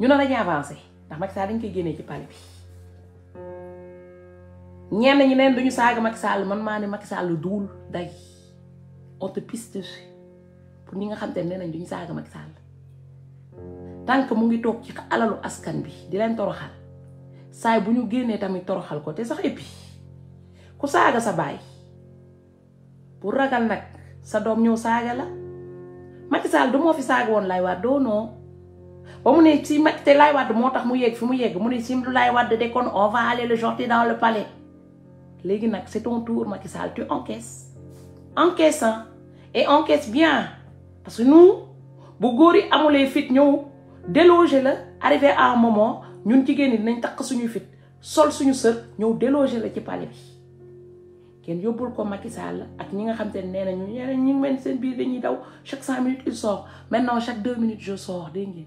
ñu ne dañuy avancé ndax Macky Sall dañ koy génnee ci palais bi ñen ñi neen duñu saga Macky Sall man maa ne Macky Sall duul day piste pour ñi nga xamanté te nañ duñu saga Macky Sall tank mu ngi tok ci alalu askan bi di leen toroxal say buñu ñu tamit toroxal ko té sax épi ku saga sa bay pour ragal nak sa dom ñoo saga la Macky Sall du mo fi saga won lay do ba mu ne si Macky te Laay Wade mu yegg fi mu yegg mu ne si Laay Wade de kon on va aller le jeter dans le palais légui nak c'est ton tour Macky Sall tu encaisses encaisse hein et encaisse bien parce que nous bu góor amulé fit ñew déloger la arrivé à un moment ñun ci ñi nañ tak suñu fit sol suñu sœur ñew déloger la ci palais bi ken yobul ko Macky Sall ak ñi nga xam te ne nee ñi ngi mel seen biir dañuy daw chaque cinq minutes il sort maintenant chaque 2 minutes je sors dégg ngeen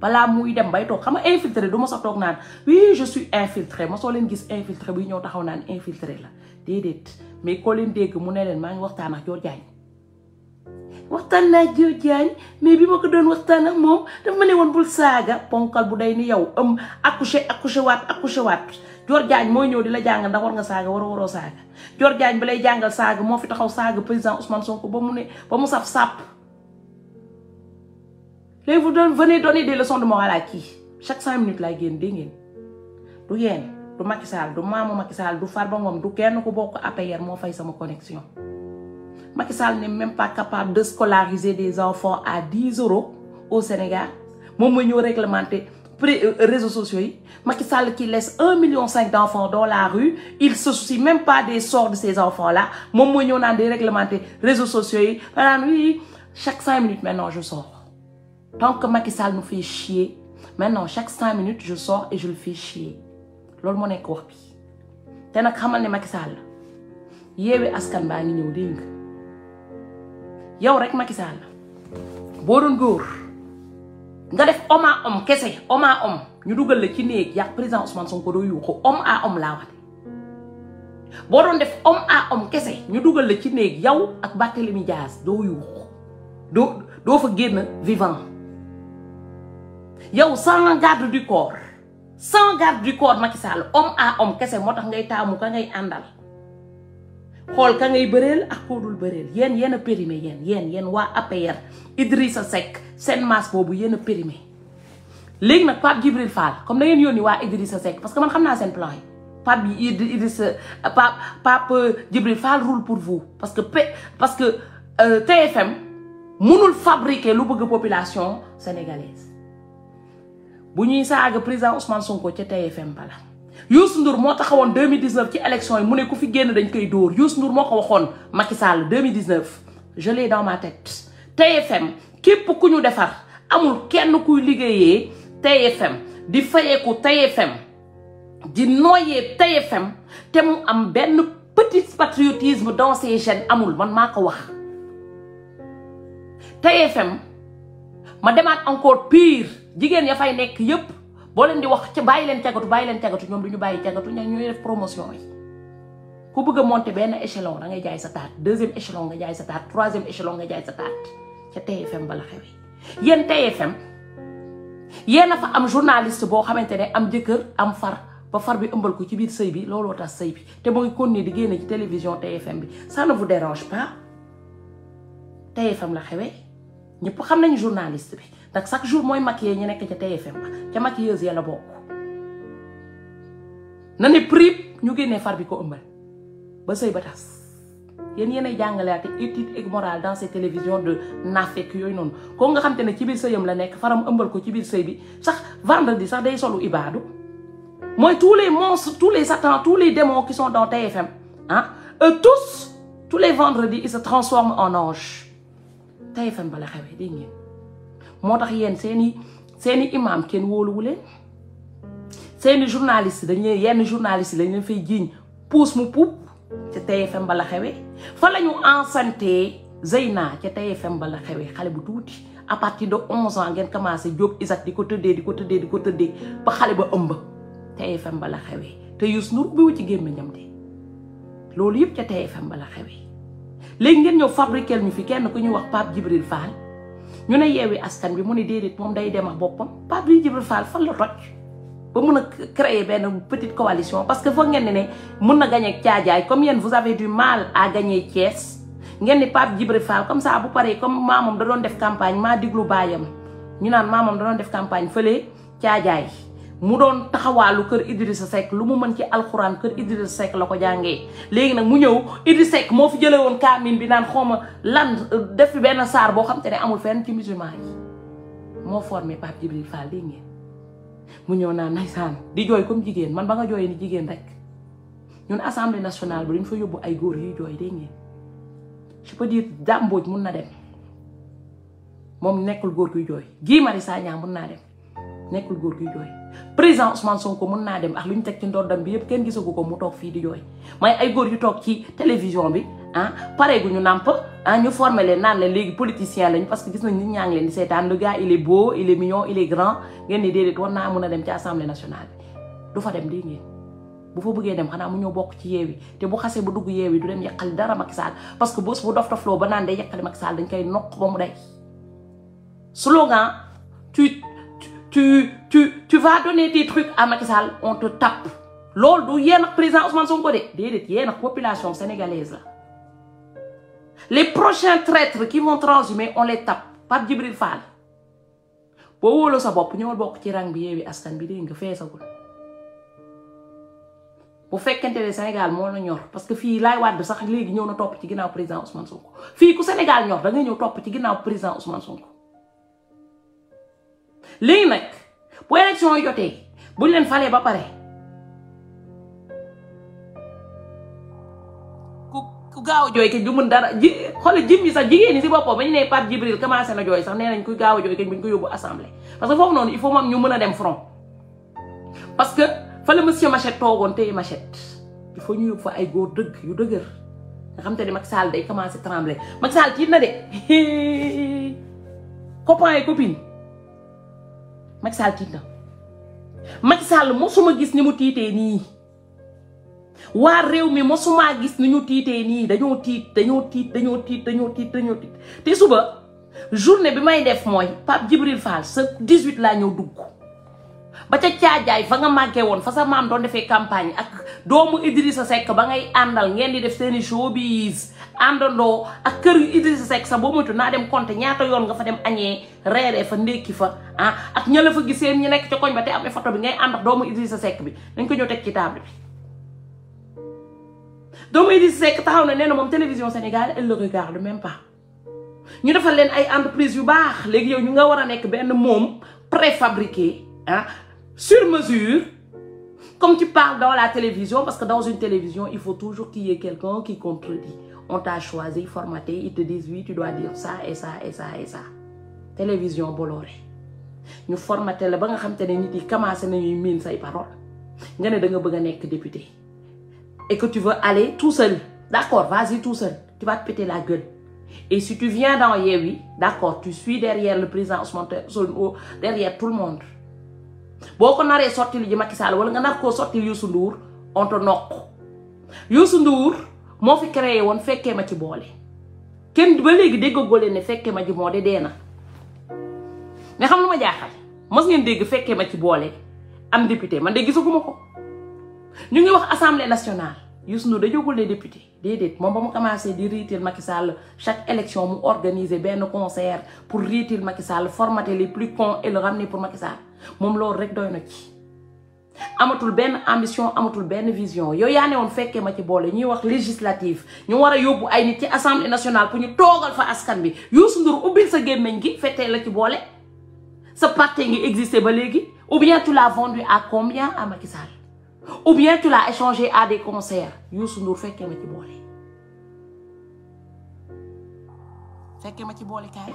Bala muy dem bay infiltré. infiltré Je sa oui je suis infiltré ma so len gis infiltré suis infiltré. taxaw infiltré la mais infiltré. mu ne suis ngi ak mais ko doon waxtaan ak ne bul ponkal bu day ni yow am infiltré. Je suis infiltré. ndax war nga saga, waro waro saga ne ba mu vous venez donner des leçons de morale à qui chaque 5 minutes là y dégg des du du Macky Sall du maamu Macky Sall du Farba Ngom du kenn bokk fay ma connexion Macky Sall n'est même pas capable de scolariser des enfants à 10 euros au Sénégal Mon mooy réglementé, réglementer euh, réseaux sociaux yi Macky Sall qui laisse 1,5 million d'enfants dans la rue il se soucie même pas des sorts de ces enfants là Mon mooy a des réseaux sociaux yi chaque 5 minutes maintenant je sors Tant que Macky Sall nous fait chier, maintenant, chaque 5 minutes, je sors et je le fais chier. loolu moo nekk wax bi te nag xamal Macky Sall yeewee askan baa ngi ñëw dégg yow rek Macky Sall boo doon góor nga def homme à homme kese homme à homme ñu dugal la ci néeg yàq président Ousmane Sonko doo yuuxu homme à homme laa wax boo doon def homme à homme kese ñu dugal la ci néeg yow ak Barthélémy Dias doo yuuxu doo doo fa génn vivant yow sans garde du corps sans garde du corps Macky Sall homme à homme qu'est-ce tax ngay tamou ka ngay andal xool ka ngay beurel ak koo dul bëreel y'en périmé yen yen yen waa APR Idrissa Seck sen masse bobu yéen périmé. légui nak Pape Djibril Fall comme da ngeen yónni waa Idrissa Seck parce que man xamna sen plan Pape Idrissa euh, Pape Pape euh, Djibril Fall roule pour vous parce que parce que euh, TFM mënul fabriquer lu bëgg population sénégalaise bu ñuy président Ousmane Sonko ca TFM bala Youssou Ndour moo en 2019 ci élection yi ne fi dañ koy Ndour 2019 je l'ai dans ma tête TFM képp faire? ñu defar amul kenn kuy TFM di TFM TFM te mu am petit patriotisme dans ses amul man TFM je encore pire jigéen ya fay nekk yëpp boo leen di wax ci bàyyi leen cagatu bàyyi leen cagatu ñoom du ñu bàyyi cagatu ña ñooy def promotion yi ku bëgg a monter benn échelon da ngay jaay sa taat deuxième échelon nga jaay sa taat troisième échelon nga jaay sa taat ca TFM bala xewee yéen TFM yéen fa am journaliste boo xamante ne am jëkkër am far ba far bi ëmbal ko ci biir sëy bi looloo tax sëy bi te mu ngi continuer di génne ci télévision TFM bi ça ne vous dérange la xewee ñëpp xam nañ journaliste bi te chaque jour mooy maquillé ñu nekk ca TFM ca maquilleuse ya la bokk na ne prip ñu génnee far bi ko ëmbal ba sëy ba tas yéen yéenay jàngalaate éthique et morale dans ces télévisions de naafek yooyu noonu koo nga xam te ne ci biir sëyam la nekk faram ëmbal ko ci biir sëy bi sax vendredi sax day solu ibaadu mooy tous les monstres tous les satans tous les démons qui sont dans TFM hein, ah, eux tous tous les vendredis ils se transforment en ange TFM bala xewee dégg ngeen moo tax yéen seeni seeni imaam kenn wóoluwu leen seeni dañ dañuy yenn journaliste yi dañ leen fay jiiñ puus mu puub ca TFM bala xewe fa la ñu enceinte Zeyna ca TFM bala xewee xale bu tuuti à partir de onze ans ngeen commencé jóg Isaac di ko tëddee di ko tëddee di ko tëddee ba xale ba ëmb TFM bala xewe te Youssou Ndour biwu ci ñam de loolu yëpp ca TFM bala xewe léegi ngeen ñëw fabriquer ñu fi kenn ku ñuy wax Pape Djibril Fall Nous ne bi ne déedéet day dem ak boppam jibril Fall fan la ba créer petite coalition parce que vous avez du mal à gagner Thiès ngeen ni Pape comme ça bu comme maamam da doon def campagne nous diglu baayam ñu naan maamam da doon def campagne mu doon taxawaalu kër sa Seck lu mu mën ci alxuraan kër Idrissa Seck la ko jàngee léegi nag mu ñëw Idrissa sekk moo fi jëlee woon kaamin bi naan xawma lan def fi benn saar boo xam te ne amul fenn ci musulman yi moo formé Pape Djibril Fall dégg ngeen mu ñëw naan naysaan di jooy comme jigéen man ba nga jooyee ni jigéen rek ñun assemblée nationale bi dañ fa yóbbu ay góor yuy jooy dégg ngeen je peux dire dàmbooj mun na dem moom nekkul góor guy jooy gii mari saa naa nekkul góor guy président Ousmane Sonko mën dem ak teg ci bi yëpp kenn gisaguko mu toog fii di ay télévision bi ah pare gu ñu ah ñu former leen naan les parce que gis nañ nit ñaa le gars il est beau il est mignon il est grand Il ni déedéet war naa mën a dem nationale Il du fa dem dégg ngeen bu fa bëggee dem xanaa mu ñëw bokk ci te bu xasee ba dugg du dem dara parce que bés bu dof ba slogan tu tu tu tu vas donner des trucs à Macky Sall on te tape Lol, du yéen ak président Ousmane Sonko de déedéet yéen ak population sénégalaise les prochains traîtres qui vont transhumer on les tape Pas de Djibril Fall boo wóoloo sa bopp ñëwal bokk ci rang bi yeewi askan bi fait nga Pour Pour fekkente ne Sénégal moo la ñor parce que fii laay waat bi sax léegi ñëw na top ci ginnaaw président Ousmane Sonko fii ku Sénégal ñor da nga ñëw top ci ginnaaw président Ousmane Sonko léegi bu élection jotee buñ leen falee ba pare. ku ku gaaw a jooy kañ du mën dara ji xoolal jim yi sax jigéen ñi si boppam ba ñu nee Pape Djibril commencé na jooy sax nee nañ ku gaaw a jooy kañ buñ ko yóbbu assemblée. parce que foofu noonu il faut moom ñu mën a dem front parce que fa la monsieur Machette toogoon tey Machette foo ñu yóbbu fa ay góor dëgg yu dëgër. nga xam te ne Macky Sall day commencé trembler Macky Sall tiit na de copain et copine Macky Sall tiit na Macky Sall mosuma gis ni mu tiitee nii waa réew mi mosumaa gis ni ñu tiitee nii dañoo tiit dañoo tiit dañoo tiit dañoo tiit dañoo te suba journée bi may def mooy Pape Djibril Fall sa 18 laa ñëw dugg ba ca caajaay fa nga manqué woon fa sa maam doon defee campagne ak doomu Idrissa Seck ba ngay àndal ngeen di def seeni showbiz àndandoo ak kër yu Idrissa Seck sax boo moytu naa dem compté ñaata yoon nga fa dem añee reeree fa ndékki fa ah, ak ña la fa giseen ñi nekk ca koñ ba te amee foto bi ngay ànd doomu doomu Idrissa Seck bi dañ ko ñëw teg ci table bi doomu Idrissa Seck taxaw na nee na moom télévision Sénégal elle le regarde même pas ñu defal leen ay entreprise yu baax léegi yow ñu nga war a nekk benn moom préfabriqué ah sur mesure, comme tu parles dans la télévision, parce que dans une télévision, il faut toujours qu'il y ait quelqu'un qui contredit. On t'a choisi, formaté, ils te disent oui, tu dois dire ça et ça et ça et ça. Télévision Bolloré. Nous formaté la banga xamantene nit yi commencé nañuy mine say parole. Nga da nga député. Et que tu veux aller tout seul. D'accord, vas-y tout seul. Tu vas te péter la gueule. Et si tu viens dans Yéwi, d'accord, tu suis derrière le président derrière tout le monde boko naré sorti li lu Macky Sall wala nga nar sorti sotti Youssou Ndour on te nok Youssou Ndour mo fi créé won fekkee ma ci bolé ken ba légui déggagoo golé né fekkee ma ji moo de dee xam luma ma jaaxal mos ngeen dégg fekkee ma ci bolé am député man dé gisaguma ko ñu ngi wax assemblée nationale Youssou Ndour da jógul les député déedéet mom ba mu commencé di riitil Macky Sall chaque élection mu organiser ben concert pour riitil Macky Sall formater les plus cons et le ramener pour Macky Sall mom loolu rek doyna ci amatul ben ambition amatul ben vision Yo ya ne woon fekkee ma ci bolé ñi wax législatif ñu wara a ay nit ci assemblée nationale pour ñu toogal fa askan bi Youssou Ndour ubbil sa gemmeñ gi fété la ci bolé sa parti ngi existé ba légui ou bien tu l'as vendu à combien à Macky Sall ou bien tu l'as échangé à des concerts Youssou Ndour fekkee ma ci bolé fekkee ma ci bolé kay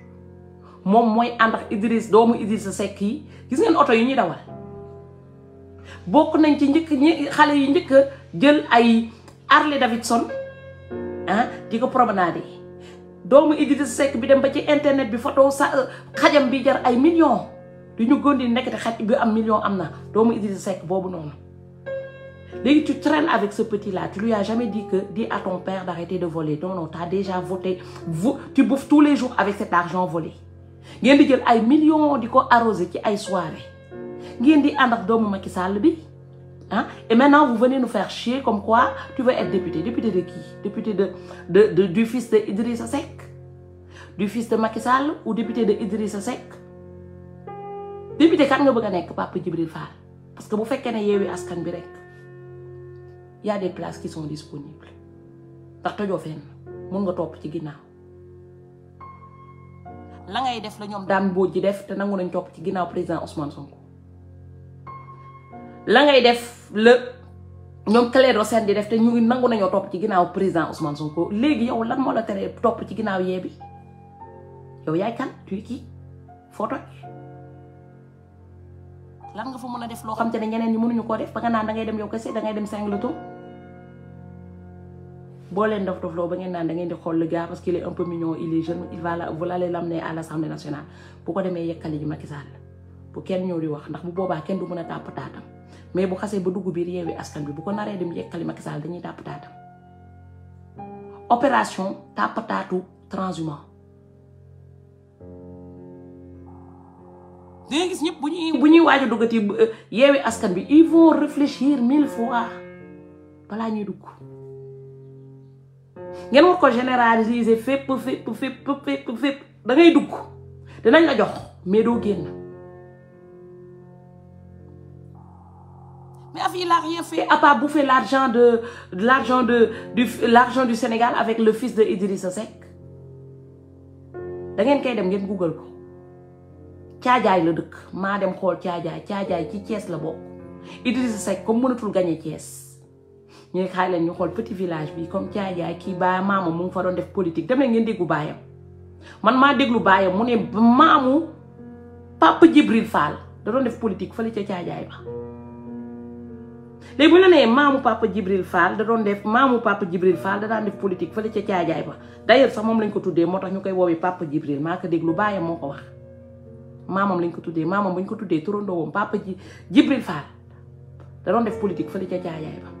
mom moy andax Idriss doomu Idriss Seck yi gis ngeen auto yi dawal bokku nañ ci Harley Davidson ah diko promenade bi dem internet bi photo millions million Seck tu traînes avec ce petit là tu lui as jamais dit que dis à ton père d'arrêter de voler non non as déjà voté vous tu bouffes tous les jours avec cet argent volé ngeen di jël ay millions di ko arrosé ci ay soirée ngeen di ànd ak doomu Macky bi ah et maintenant vous venez nous faire chier comme quoi tu veux être député député de qui député de de du fils de Idrissa Seck du fils de Macky Sall ou député de Idrissa Seck député kan nga bëgg a nekk Papa Djibril Fall parce que bu fekkee ne yeewi askan bi rek y a des places qui sont disponibles ndax tojoo fenn mun nga topp ci ginnaaw. la ngay def la ñom dam bo ci def te nangu nañ top ci ginaaw président Ousmane Sonko la ngay def la ñoom Clédor Sène di def te ñu nangu nañu top ci ginaaw président Ousmane Sonko léegi yow lan mo la téré top ci ginaaw yee bi yow yaay kan tu ki photo lan nga fa mëna def lo xam tane ñeneen ñi mënuñu ko def ba nga naan da ngay dem yow kese da ngay dem Singleton bolen dof dof loo ba ngeen nan da ngeen di xol le gars parce qu'il est un peu mignon il est jeune il va la vous allez l'amener à l'Assemblée nationale bu ko deme yekali ji Macky Sall bu kenn ñëw di wax ndax bu boba kenn du mëna tap tàpp mais bu xasse ba dugg bi réewi askan bi bu ko naré dem yekali Macky Sall dañuy tap taatam opération tàpp taatu transhumant da ngay gis ñëpp bu ñuy bu ñuy waaj duggati euh, yeewi askan bi ils vont réfléchir mille fois balaa ñuy dugg ngeen war ko généraliser fépp fépp fépp fépp fépp da ngay dugg dinañ la jox mais doo génn mais af il l'a rien fait à part bouffer l'argent de l'argent de du l'argent du Sénégal avec le fils de Idrissa Seck da ngeen koy dem ngeen google ko caajaay la dëkk maa dem xool caajaay caajaay ci Thiès la bokk Idrissa Seck comme mënatul gagné Thiès ñu ne xaay leen ñu xool petit village bi comme jaay jaay kii baa maamam mu ngi fa doon def politique dem leen ngeen déggu baayam man maa déglu baayam mu ne maamu Papa Djibril Fall da doon def politique fa ca caajaay ba léegi bu la nee maamu Papa Djibril Fall da doon def maamu Papa Djibril Fall da daan def politique fële ca caajaay ba d'ailleurs sax moom lañ ko tuddee moo tax ñu koy woowee Papa Djibril maa ko déglu baayam moo ko wax maamam lañ ko tuddee maamam bañ ko tuddee turandoowam Papa Djibril Fall da doon def politique fële ca caajaay ba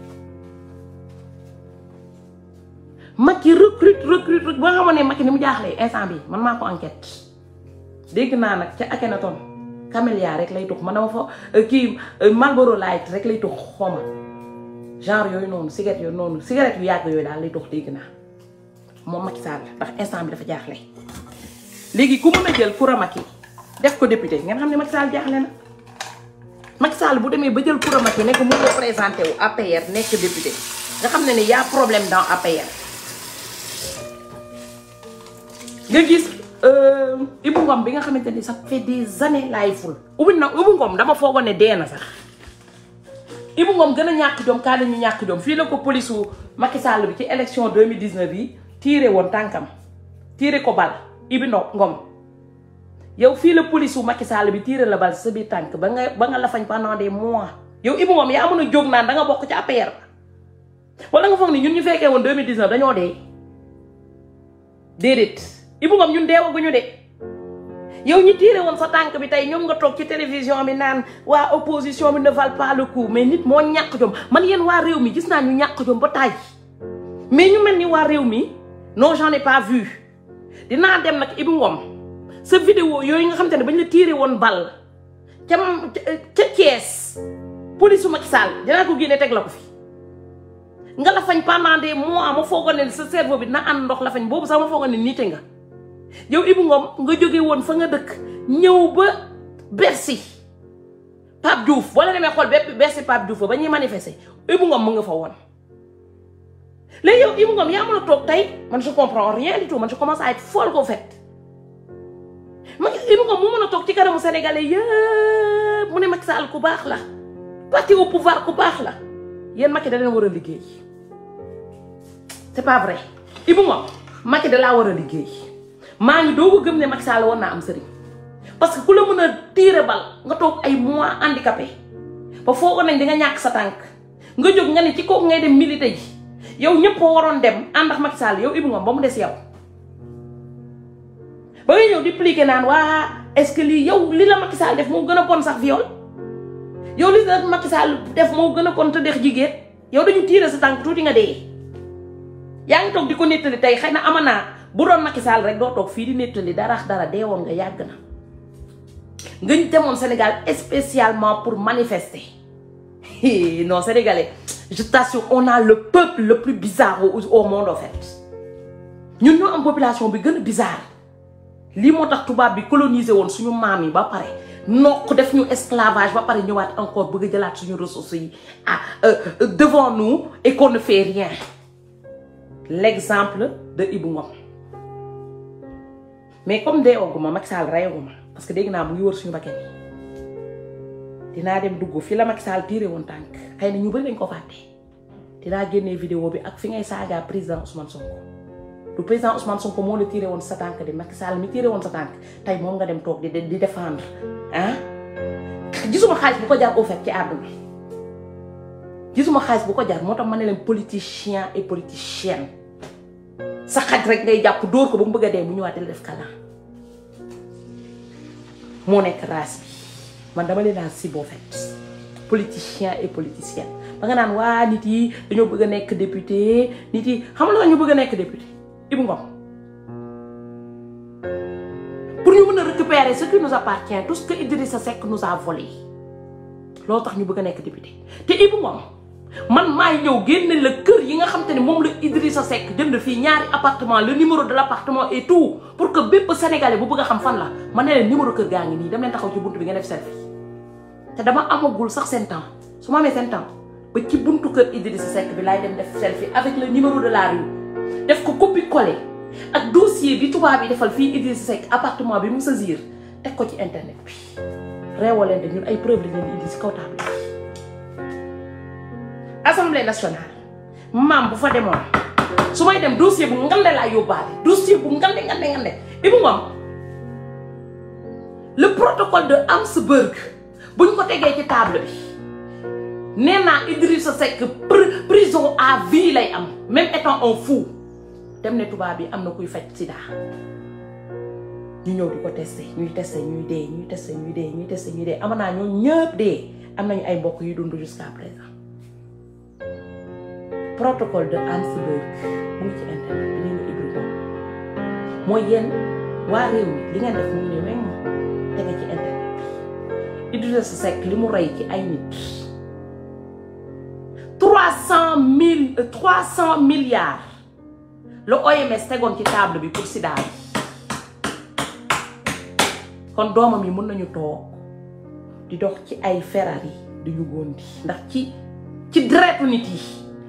recrute recrute recrute ba nga xamoon ne Macky ni mu jaaxlee instant bi man maa ko enquête dégg naa nag ca Akhenaton Camélia rek lay tux man dama fa euh, kii euh, Marlboro Light rek lay tux xoma genre yooyu noonu cigarette yooyu noonu cigarette yu yàgg yooyu daal lay tux dégg naa moom Macky Sall ndax instant bi dafa jaaxle léegi ku mën a jël kura Macky def ko député ngeen xam ne Macky Sall jaaxle na Macky Sall bu demee ba jël kura Macky nekk mu représenté wu APR nekk député nga xam ne ne y a problème dans APR nga gis euh, Ibou Ngom bi nga xamante ni sax fait des années laay ful. ubbi na Ibou Ngom dama foogoon ne dee na sax Ibou Ngom gën a ñàkk jom kaa dañu ñàkk jom fii la ko polisu Macky Sall bi ci élection 2019 yi tiire woon tànkam tiire ko bal Ibou Ngom yow fii la polisu Macky Sall bi tiire la bal sa biir tànk ba nga ba nga lafañ pendant des mois. yow Ibou Ngom yaa mën a jóg naan danga nga bokk ci APR wala nga foog ni ñun ñu fekkee woon 2019 dañoo dee déedéet. Ibou Ngom ñun ñu de yow ñi tiire woon sa tànk bi tey ñoom nga toog ci télévision bi naan waa opposition bi ne valent pas le coup mais nit moo ñàkk jom man yéen waa réew mi gis naa ñu ñàkk jom ba tàyyi mais ñu mel ni waa réew mi non j'en ai vu dinaa dem nag Ibou Ngom sa vidéo yooyu nga xam te ne bañ la tiire woon bal ca ca Thiès police su Macky Sall dinaa ko génne teg la ko fi nga la fañ pendant des mois ma foogoon ne sa cerveau bi na ànd ndox la fañ boobu sax ma foogoon ne niite nga yow ibu Ngom nga joge won fa nga dekk ñew ba Bercy pap Diouf wala demee xool bépp Bercy pap Diouf ba ñi manifester ibu Ngom nga fa won lé yow ibu Ngom ya mën a tok tay man je comprends rien du tout man je commence à être folle qu'au fait ma ibu Ngom mo meuna a ci karamu sénégalais yëpp mu né mak sal ku bax la parti au pouvoir ku bax la yeen makki da leen wara liggéey c'est pas vrai ibu Ngom makki da la wara liggéey ma ngi dogu gëm ne Macky Sall wona am sëriñ parce que kula mëna tirer bal nga tok ay mois handicapé ba foko nañ di nga ñak sa tank nga jog nga ne ci ko ngay dem milité yi yow ñepp ko dem ànd ak Macky Sall yow ibu Ngom ba mu dess yow. ba ngay ñew di est-ce que li yow li la Macky Sall def mo gëna bon sax viol yow li Macky Sall def mo gëna kon bon te dex jigéen yow dañu tirer sa tank tuti nga dé yang tok diko di tay xeyna amana bu doon Macky Sall rek do tok fi di netandi dara dara deewon nga yagna na nga Sénégal spécialement pour manifester non sénégalais je t'assure on a le peuple le plus bizarre au monde en fait ñun ñu am population bi gën bizarre li motax tax colonisé bi coloniser won suñu mami ba paré nok def ñu esclavage ba paré ñëwaat encore bëgg jëlat suñu ressources yi ah euh, euh, devant nous et qu'on ne fait rien l'exemple de Ibou mais comme deewaguma Macky Sall reyaguma parce que dégg naa mu ngi wër suñu bakkan yi dinaa dem dugg fii la Macky Sall tiire woon tànk xëy ni ñu bëri dañ ko fàtte dinaa génnee vidéo bi ak fi ngay saaga président Ousmane Sonko du président Ousmane Sonko moo la tiire woon sa tànk di Macky Sall mi tiire woon sa tànk tey moom nga dem toog di di défendre ah gisuma xaalis bu ko jar au ci ci àdduna gisuma xaalis bu ko jar moo tax ma ne leen politicien et politicienne sa xaj rek ngay jàpp dóor ko ba mu bëgg a dee bu ñëwaat la def kalaan moo nekk race bi man dama leen naan si boo fait politicien et politicienne ba nga naan waa nit yi dañoo bëgg a nekk député nit yi xam nga ñu bëgg a nekk député Ibou Ngom pour ñu mën a récupérer ce qui nous appartient tout ce que Idrissa Seck nous a volé loo tax ñu bëgg a nekk député te Ibou Ngom man maay ñëw génne la kër yi nga xam te ne moom la sa Seck jënd fii ñaari appartement la numéro de l' appartement et tout pour que bépp sénégalais bu bëgg a xam fan la ma ne leen numéro kër gaa ngi nii dem leen taxaw ci buntu bi nga def selfie te dama amagul sax seen temps su ma amee seen temps ba ci buntu kër Idrissa Seck bi laay dem def selfie avec le numéro de la rue def ko copier coller ak dossier bi tubaab yi defal fii Idrissa Seck appartement bi mu saisir teg ko ci internet bi réewoo leen de ay preuve lañ assemblée nationale mam bu fa Si vous dem dossier bu ngande dossier bu le protocole de Amsberg buñ ko téggé ci table bi prison à vie lay am même étant un fou dem ne bi am kuy sida ñu ñëw di ko ñuy tester ñuy dé ñuy tester ñuy dé ñuy tester ñuy dé ñoo ñëpp ay jusqu'à présent protocole de Anseberg mu ngi ci internet bi ñu ibbi ko mooy yéen waa réew li ngeen def mu ngi ne weñ tege ci internet bi Idrissa Seck li mu rey ci ay nit trois cent OMS tegoon ci table bi pour sida bi kon doomam yi mën nañu toog di dox ci ay Ferrari di yugoon di ndax ci ci deretu nit yi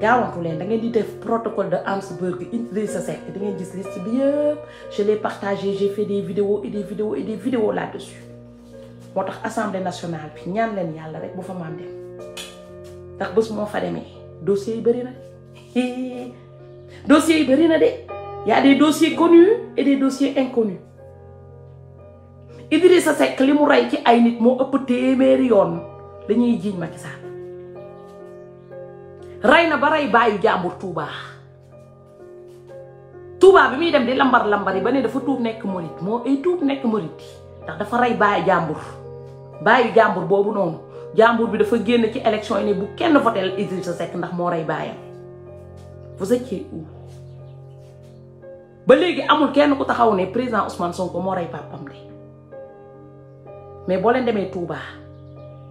gaawantu leen da ngeen di def protocole de Habsburg Idrissa Seck da ngeen gis liste bi yëpp je l'ai partagé j'ai fait des vidéos et des vidéos et des vidéos là-dessus moo tax assemblée nationale bi ñaan leen yàlla rek bu fa maam dem ndax bés moo fa demee Dossier yi bëri na dossiers yi bëri na de y a des dossiers connus et des dossiers inconnus Idrissa Seck li mu rey ci ay nit moo ëpp téeméeri yoon dañuy jiiñ Macky Sall rey na ba rey baayu jàmbur Touba Touba bi muy dem di lambar lambar yi ba ne dafa tuub nekk murit moo ay tuub nekk murit ndax dafa rey baayu jàmbur bàyyi jàmbur boobu noonu jàmbur bi dafa génn ci élection yi ne bu kenn votel Idrissa Seck ndax moo rey baayam ba léegi amul kenn ku taxaw ne président Ousmane Sonko moo rey papam de mais boo leen demee Touba.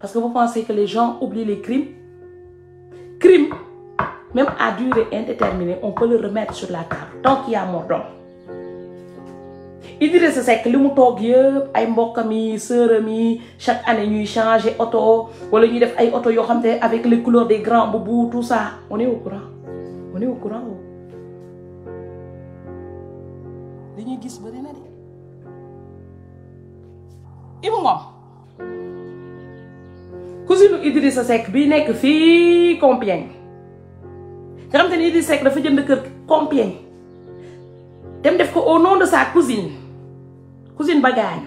Parce que vous pensez que les gens oublient les crimes. Crimes, même à durée indéterminée, on peut le remettre sur la table tant qu'il y a mort d'homme. Idrissa que que mu les yëpp ay mbokkam yi sëram chaque année ñuy changer auto, wala ñuy def ay oto avec les couleurs des grands boubous tout ça on est au courant on est au courant Les dañuy qui bëri na de Et Ngom cousine Idrissa Seck bi nekk fii Compiègne nga xam te ni Idrissa Seck dafa jënd kër Compiègne dem def ko au nom de sa cousine cousine ba gaañu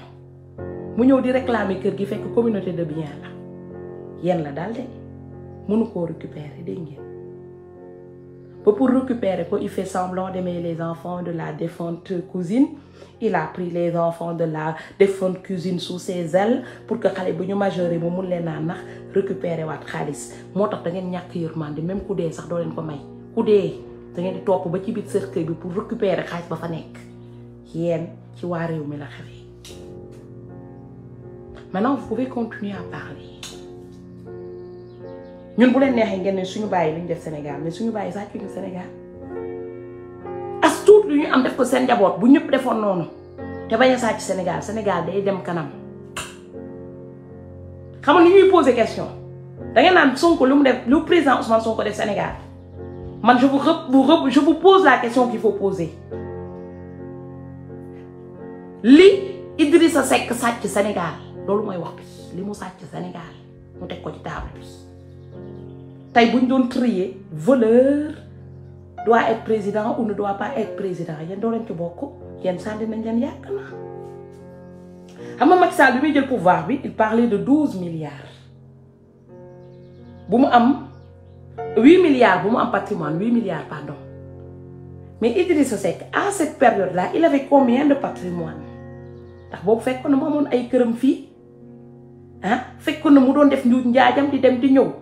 mu ñëw di réclamer kër gi fekk communauté de biens la yenn la daal de mënu koo récupérer dégg ngeen Pour récupérer, il fait semblant d'aimer les enfants de la défunte cousine. Il a pris les enfants de la défunte cousine sous ses ailes pour que les enfants ñu majoré mu mun leen a nax récupérer waat xaalis moo tax même coudé, dee sax doo leen ko may ku da ngeen di topp ba ci pour récupérer xaalis ba fa nekk yéen ci waa réew mi la xewee maintenant vous pouvez continuer à parler ñun bu leen neexee ngeen ne suñu bàyyi lu ñu def Sénégal mais suñu bàyyi sàccuñu Sénégal as tuut lu ñu am def ko seen njaboot bu ñëpp defoon noonu te bañ a sàcc Sénégal Sénégal day dem kanam xam ni ñuy poser question da ngeen naan Sonko lu mu def lu président Ousmane Sonko def Sénégal man je vous re je vous pose la question qu'il faut poser li Idrissa Seck sàcc Sénégal loolu mooy wax bi li mu sàcc Sénégal mu teg ko ci table bi tay buñ doon trier voleur doit être président ou ne doit pas être président yéen do len ci bokk yéen sànni nañ len yàgg na. xam nga Macky Sall bi muy jël pouvoir bi il parlait de douze milliards bu mu am huit milliards bu mu am patrimoine huit milliards pardon mais Idrissa Seck à cette période là il avait combien de patrimoine ndax boobu fekkone mo amone ay kërëm fi hein fekkone na mu doon def njuuj njaajam di dem di ñëw.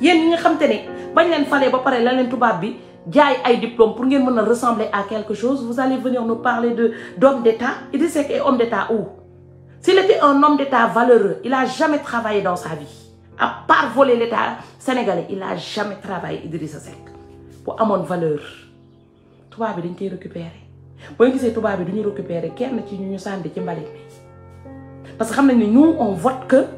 Vous ñi nga xam tane ne bañ leen falee ba paré la leen bi jaay ay diplôme pour ngeen mën ressembler à quelque chose vous allez venir nous parler de d'homme d'état Il disait est homme d'état où s'il était un homme d'état valeureux il a jamais travaillé dans sa vie à part voler l'état sénégalais il a jamais travaillé Idrissa Seck pour amone valeur Tuba, bi dañ koy récupérer boo gisé Tuba, bi duñu récupérer kenn ci ñu ñu ci mbalit parce que xam nañ ni nous on vote que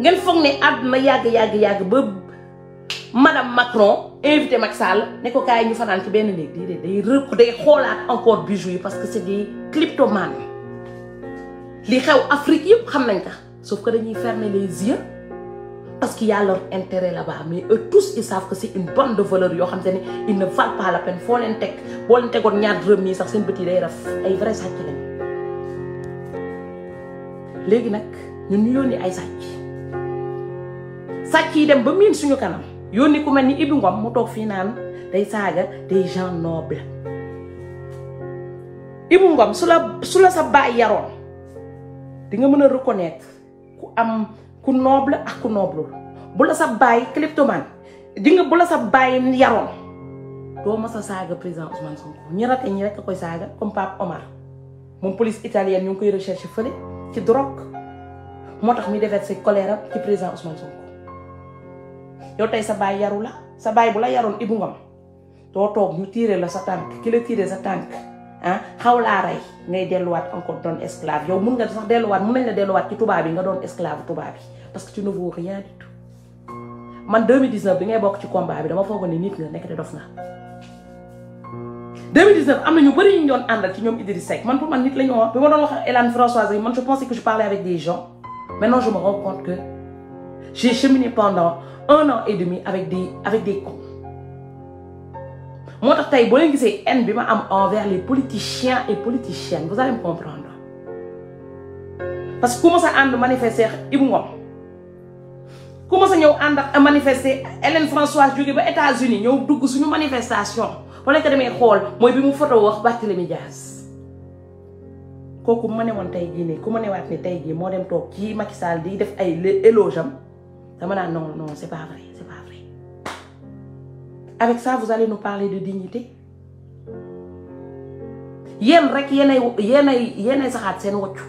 ngeen foog ne àdduna yàgg yàgg yàgg ba madame Macron invité Macky Sall ne ko kaay ñu fanaan ci benn néeg déedéet day rëkk day xoolaat encore bijoux yi parce que c'est des kleptomanes li xew Afrique yëpp xam nañ ko sauf que dañuy fermer les yeux parce qu'il y a leur intérêt là-bas mais eux tous ils savent que c'est une bande de valeur yoo xam te ne ils ne valent pas la peine foo leen teg boo leen tegoon ñaar dërëm nii sax seen bët yi day raf ay vrai sàcc lañ léegi nag ñun ñu yónni ay sàcc. sàcc yi dem ba miin suñu kanam yónni ku mel ni Ibi Ngom mu toog fii naan day saaga des gens nobles Ibi Ngom su la su la sa baay yaroon di nga mën a reconnaître ku am ku noble ak ku noble sa baay kleptomane di nga bu la baay yaroon doo ma sa saaga président Ousmane Sonko ñi rate ñi rek a koy saaga comme Pape Omar moom police italienne ñu ngi koy recherche fële ci drogue moo tax muy déverser colère am ci président Ousmane Sonko. yow tey sa baay yaru la sa baay bu la yaroon Ibou Ngom doo toog ñu tiire la sa tànk ki la tiire sa tànk ah xaw laa rey ngay delluwaat encore doon esclave yow mun nga sax delluwaat mun nañ la delluwaat ci tubaab bi nga doon esclave tubaab bi parce que tu ne vaux rien du tout man 2019 bi ngay bokk ci combat bi dama foogoon ne nit nga nekk te dof nga 2019 am na ñu bëri ñu doon àndal ci ñoom Idriss Seck man pour man nit la ñu wax bi ma doon wax Hélène Françoise man je pensais que je parlais avec des gens maintenant je me rends compte que j'ai cheminé pendant un an et demi avec des avec des cons Moi, haine envers les politiciens et politiciennes vous allez me comprendre parce que comment sa manifester Ibou Ngom ku sa je manifester Hélène François, jóge ba États-Unis dugg suñu manifestation suis que demee xool mooy photo wax je Comment ni je dem je éloge dama naan non non c'est pas vrai c'est pas vrai avec ça vous allez nous parler de dignité Yen rek yéenay yen yéenay saxat sen woccu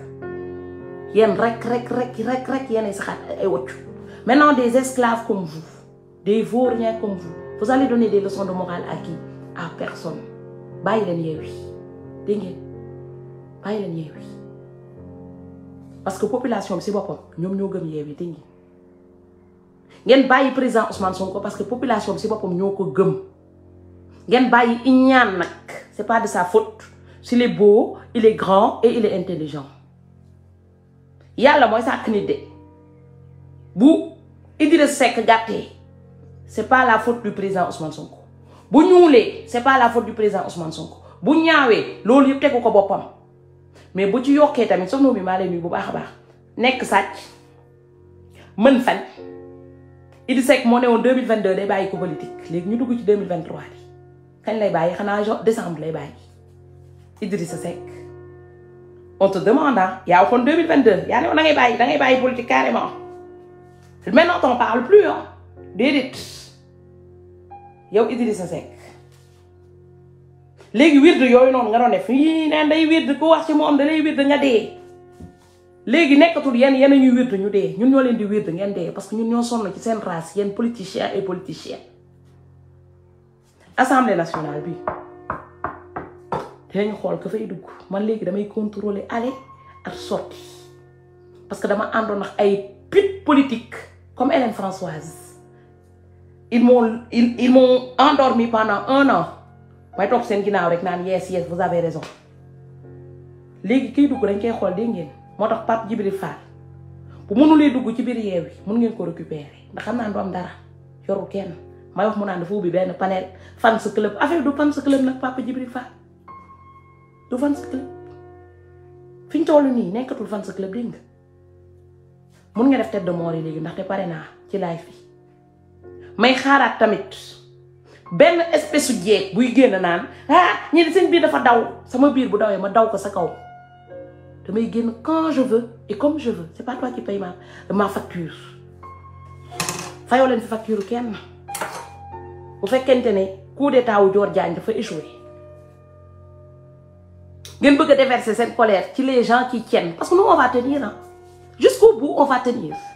Yen rek rek rek rek rek yéenay saxat ay woccu maintenant des esclaves comme vous des vauriens comme vous vous allez donner des leçons de morale à qui à personne bàyyi len yewi. dégg ngeen len yewi. parce que population c'est si ñom ñoo gëm yewi dégg ngeen bàyyi président Ousmane Sonko parce que population c'est pas pour ñoo gëm ngeen bàyyi iñaan nak c'est pas de sa faute s'il est beau il est grand et il est intelligent yalla moy sa nit dé bu Idriss Seck gatté c'est pas la faute du président Ousmane Sonko bu ñoulé c'est pas la faute du président Ousmane Sonko bu ñaawé loolu yëpp téggu ko bopam mais bu ci yokkee tamit soxna bi maa lay nuyu bu baax baax nek sacc man Idi Seck que ne en 2022 les bàyyi politiques politique léegi ñu dugg ci 2023 bi kañ lay bàyyi xanaa jo décembre lay bàyyi Idrissa Seck on te demande hein? yaa waxoon 2022 yaa ne woon da ngay bàyyi da ngay bàyyi politique carrément maintenant on parle plus hein déedéet yow Idrissa Seck léegi wird yoy non, nga non, def fii neen day wird ku wax ci moom da lay wird nga dee léegi nekatul yenn yenn ñuy wérdu ñu dee ñun ñoo leen di wérdu ngeen dee parce que ñun ñoo sonn ci seen race yenn politiciens et politiciens assemblée nationale bi dinañ xool ka fay dugg man léegi damay contrôler aller ak sorti parce que dama àndoon ak ay pit politique comme Hélène Françoise ils m'ont ils ils m'ont endormi pendant un an may toog seen ginnaaw rek naan yes yes vous avez raison léegi kiy dugg dañ koy xool dégg ngeen. motax pap jibril Djibril Fall bu mënulee dugg ci biir Yewwi mun ngeen ko récupérer ndax xamna ndo am dara yoru kenn may wax mu nan dafa ubi ben panel fans club affaire du fans club pap Pape jibril Fall du fans club fiñ ñu ni nekatul fans club dégg mun nga def tête de mort yi ndax té paré na ci live bi may xaaraat tamit ben espèce djé buy génn nan ah ñi seen bi dafa daw sama bir bu dawé ma daw ko sa kaw. damay génn quand je veux et comme je veux c'est pas toi qui paye ma ma facture qui leen fi facture Vous faites qu'un ne coup d'état au Dior Diagne dafa échoué ngeen bëgg déverser cette colère sur les gens qui tiennent parce que nous on va tenir hein. jusqu'au bout on va tenir